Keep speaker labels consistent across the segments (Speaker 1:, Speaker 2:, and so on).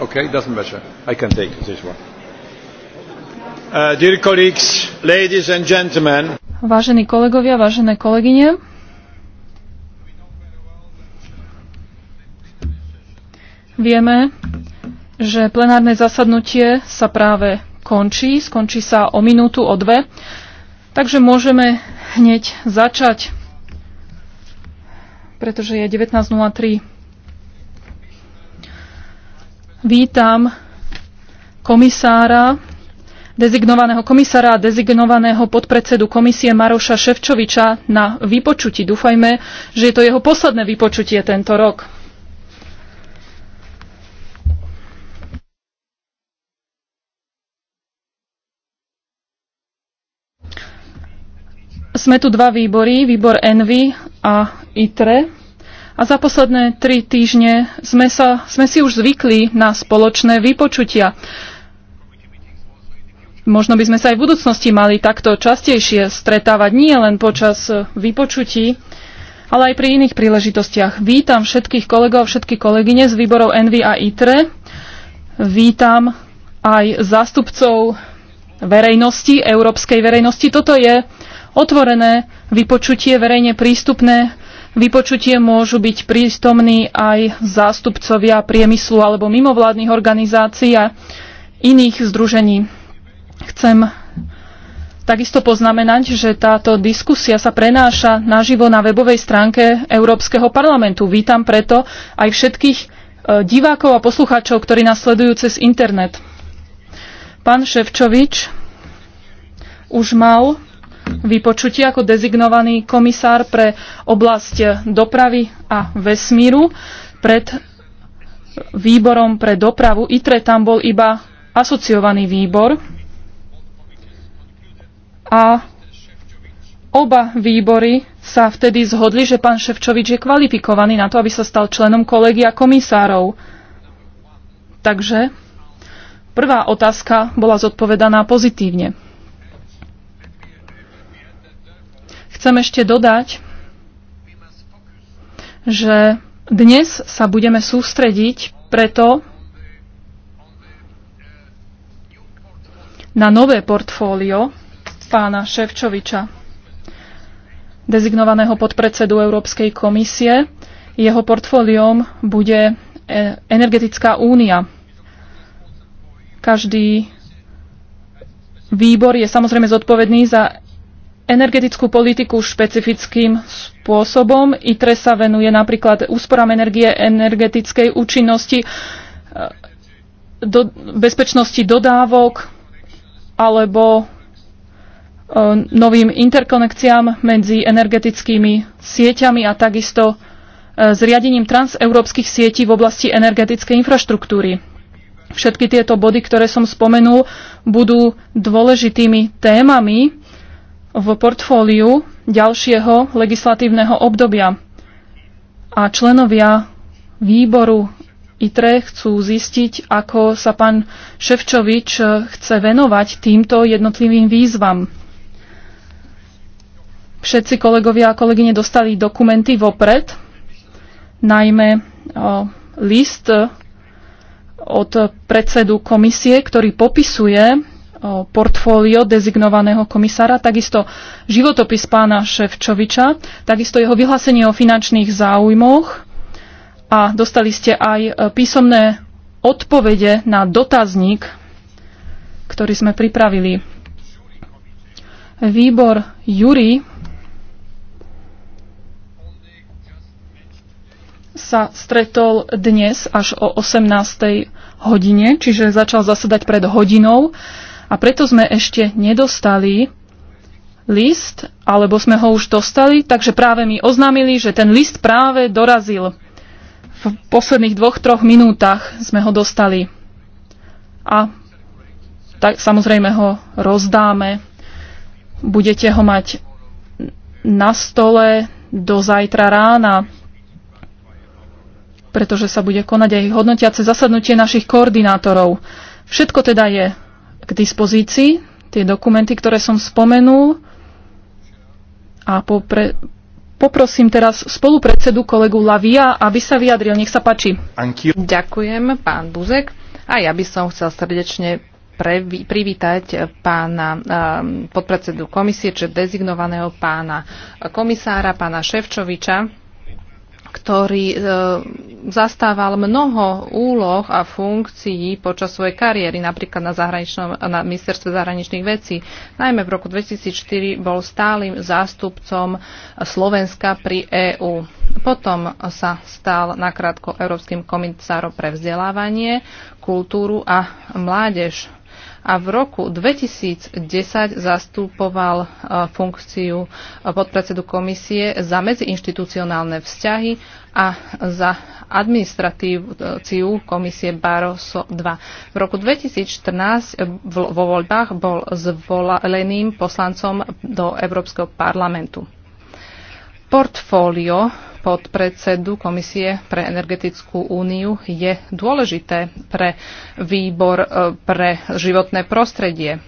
Speaker 1: Okay,
Speaker 2: doesn't matter. I can take this one. Uh, dear colleagues, ladies and gentlemen.
Speaker 1: Vážení kolegovia, vážené kolegyne. Vieme, že plenárne zasadnutie sa práve končí. Skončí sa o minútu, o dve. Takže môžeme hneď začať, pretože je 19.03. Vítam komisára, dezignovaného komisára a dezignovaného podpredsedu komisie Maroša Ševčoviča na vypočutí. Dúfajme, že je to jeho posledné vypočutie tento rok. Sme tu dva výbory, výbor Envy a ITRE. A za posledné tri týždne sme, sa, sme si už zvykli na spoločné vypočutia. Možno by sme sa aj v budúcnosti mali takto častejšie stretávať, nie len počas eh, vypočutí, ale aj pri iných príležitostiach. Vítam všetkých kolegov, všetky kolegyne z výborov Envy a ITRE. Vítam aj zástupcov verejnosti, európskej verejnosti. Toto je otvorené vypočutie verejne prístupné vypočutie môžu byť prístomní aj zástupcovia priemyslu alebo mimovládnych organizácií a iných združení. Chcem takisto poznamenať, že táto diskusia sa prenáša naživo na webovej stránke Európskeho parlamentu. Vítam preto aj všetkých e, divákov a poslucháčov, ktorí nás sledujú cez internet. Pán Ševčovič už mal vypočutí ako dezignovaný komisár pre oblasť dopravy a vesmíru. Pred výborom pre dopravu ITRE tam bol iba asociovaný výbor a oba výbory sa vtedy zhodli, že pán Ševčovič je kvalifikovaný na to, aby sa stal členom kolegia komisárov. Takže prvá otázka bola zodpovedaná pozitívne. Chcem ešte dodať, že dnes sa budeme sústrediť preto na nové portfólio pána Ševčoviča, dezignovaného podpredsedu Európskej komisie. Jeho portfóliom bude e, Energetická únia. Každý výbor je samozrejme zodpovedný za energetickú politiku špecifickým spôsobom. ITRE sa venuje napríklad úsporám energie, energetickej účinnosti, e, do, bezpečnosti dodávok alebo e, novým interkonekciám medzi energetickými sieťami a takisto e, zriadením transeurópskych sietí v oblasti energetickej infraštruktúry. Všetky tieto body, ktoré som spomenul, budú dôležitými témami, v portfóliu ďalšieho legislatívneho obdobia. A členovia výboru ITRE chcú zistiť, ako sa pán Ševčovič chce venovať týmto jednotlivým výzvam. Všetci kolegovia a kolegyne dostali dokumenty vopred, najmä list e, od predsedu komisie, ktorý popisuje portfólio dezignovaného komisára, takisto životopis pána Ševčoviča, takisto jeho vyhlásenie o finančných záujmoch a dostali ste aj e, písomné odpovede na dotazník, ktorý sme pripravili. Výbor Jury sa stretol dnes až o 18. hodine, čiže začal zasedať pred hodinou. A preto sme ešte nedostali list, alebo sme ho už dostali, takže práve mi oznámili, že ten list práve dorazil. V posledných dvoch, troch minútach sme ho dostali. A tak samozrejme ho rozdáme. Budete ho mať na stole do zajtra rána, pretože sa bude konať aj hodnotiace zasadnutie našich koordinátorov. Všetko teda je k dispozícii, tie dokumenty, ktoré som spomenul. A popre, poprosím teraz spolupredsedu kolegu Lavia, aby sa vyjadril. Nech sa páči. Ďakujem, pán Buzek. A ja
Speaker 2: by som chcel srdečne previ- privítať pána um, podpredsedu komisie, čiže dezignovaného pána komisára, pána Ševčoviča ktorý e, zastával mnoho úloh a funkcií počas svojej kariéry, napríklad na, zahraničnom, na ministerstve zahraničných vecí. Najmä v roku 2004 bol stálym zástupcom Slovenska pri EÚ. Potom sa stal nakrátko Európskym komisárom pre vzdelávanie, kultúru a mládež a v roku 2010 zastupoval e, funkciu e, podpredsedu komisie za medziinštitucionálne vzťahy a za administratíciu komisie Barroso II. V roku 2014 e, vo voľbách bol zvoleným poslancom do Európskeho parlamentu. Portfólio podpredsedu Komisie pre energetickú úniu je dôležité pre výbor e, pre životné prostredie.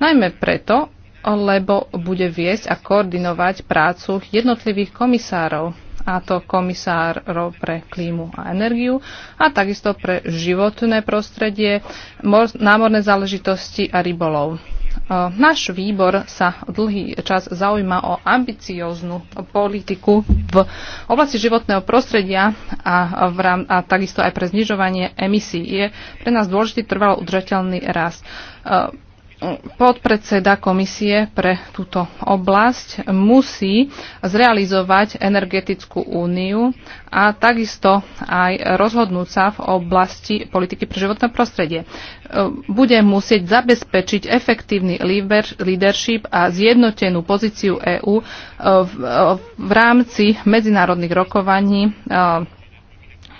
Speaker 2: Najmä preto, lebo bude viesť a koordinovať prácu jednotlivých komisárov, a to komisárov pre klímu a energiu a takisto pre životné prostredie, námorné záležitosti a rybolov. E, náš výbor sa dlhý čas zaujíma o ambicióznu politiku v oblasti životného prostredia a, v rám, a takisto aj pre znižovanie emisí. Je pre nás dôležitý trvalo udržateľný rast. E, podpredseda komisie pre túto oblasť musí zrealizovať energetickú úniu a takisto aj rozhodnúť sa v oblasti politiky pre životné prostredie. E, bude musieť zabezpečiť efektívny leadership a zjednotenú pozíciu EÚ e, e, v rámci medzinárodných rokovaní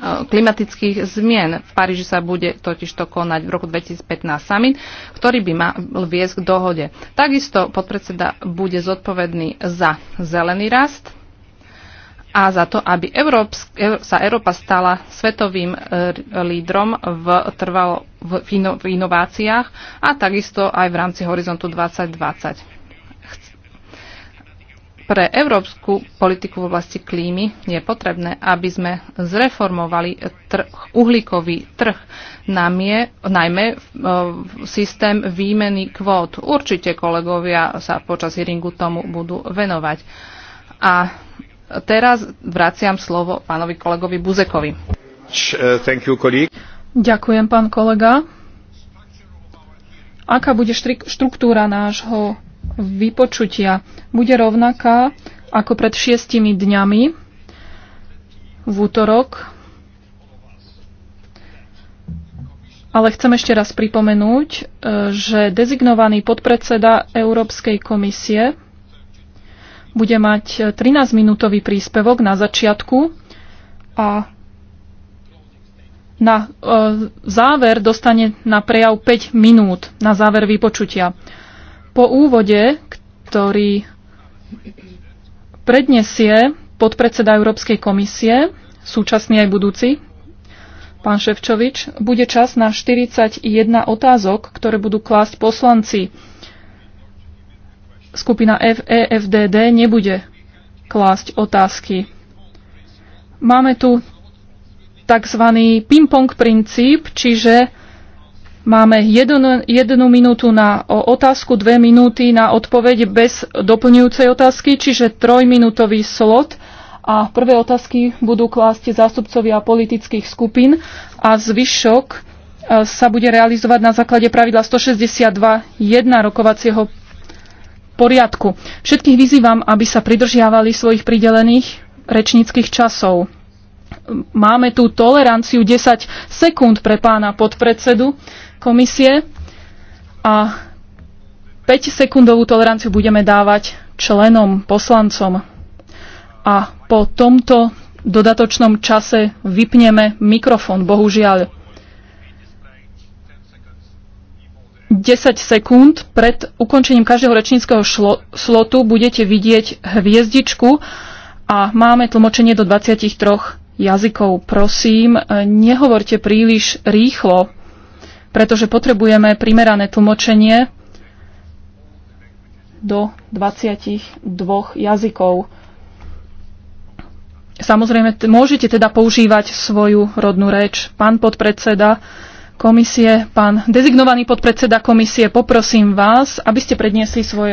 Speaker 2: klimatických zmien. V Paríži sa bude totiž to konať v roku 2015 summit, ktorý by mal viesť k dohode. Takisto podpredseda bude zodpovedný za zelený rast a za to, aby Európsk, sa Európa stala svetovým e, lídrom v, trval, v, v inováciách a takisto aj v rámci Horizontu 2020. Pre európsku politiku v oblasti klímy je potrebné, aby sme zreformovali trh, uhlíkový trh, namie, najmä e, systém výmeny kvót. Určite kolegovia sa počas hearingu tomu budú venovať. A teraz
Speaker 1: vraciam slovo pánovi kolegovi Buzekovi.
Speaker 2: You,
Speaker 1: Ďakujem, pán kolega. Aká bude štruktúra nášho vypočutia bude rovnaká ako pred šiestimi dňami v útorok. Ale chcem ešte raz pripomenúť, e, že dezignovaný podpredseda Európskej komisie bude mať 13-minútový príspevok na začiatku a na e, záver dostane na prejav 5 minút na záver vypočutia. Po úvode, ktorý predniesie podpredseda Európskej komisie, súčasný aj budúci, pán Ševčovič, bude čas na 41 otázok, ktoré budú klásť poslanci. Skupina EFDD nebude klásť otázky. Máme tu tzv. ping-pong princíp, čiže Máme jednu, jednu minútu na otázku, dve minúty na odpoveď bez doplňujúcej otázky, čiže trojminútový slot. A prvé otázky budú klásť zástupcovia politických skupín a zvyšok e, sa bude realizovať na základe pravidla 162.1 rokovacieho poriadku. Všetkých vyzývam, aby sa pridržiavali svojich pridelených rečníckých časov. Máme tu toleranciu 10 sekúnd pre pána podpredsedu, komisie a 5-sekundovú toleranciu budeme dávať členom, poslancom. A po tomto dodatočnom čase vypneme mikrofón, bohužiaľ. 10 sekúnd pred ukončením každého rečníckého šlo- slotu budete vidieť hviezdičku a máme tlmočenie do 23 jazykov. Prosím, nehovorte príliš rýchlo pretože potrebujeme primerané tlmočenie do 22 jazykov. Samozrejme, môžete teda používať svoju rodnú reč. Pán podpredseda komisie, pán dezignovaný podpredseda komisie, poprosím vás, aby ste predniesli svoje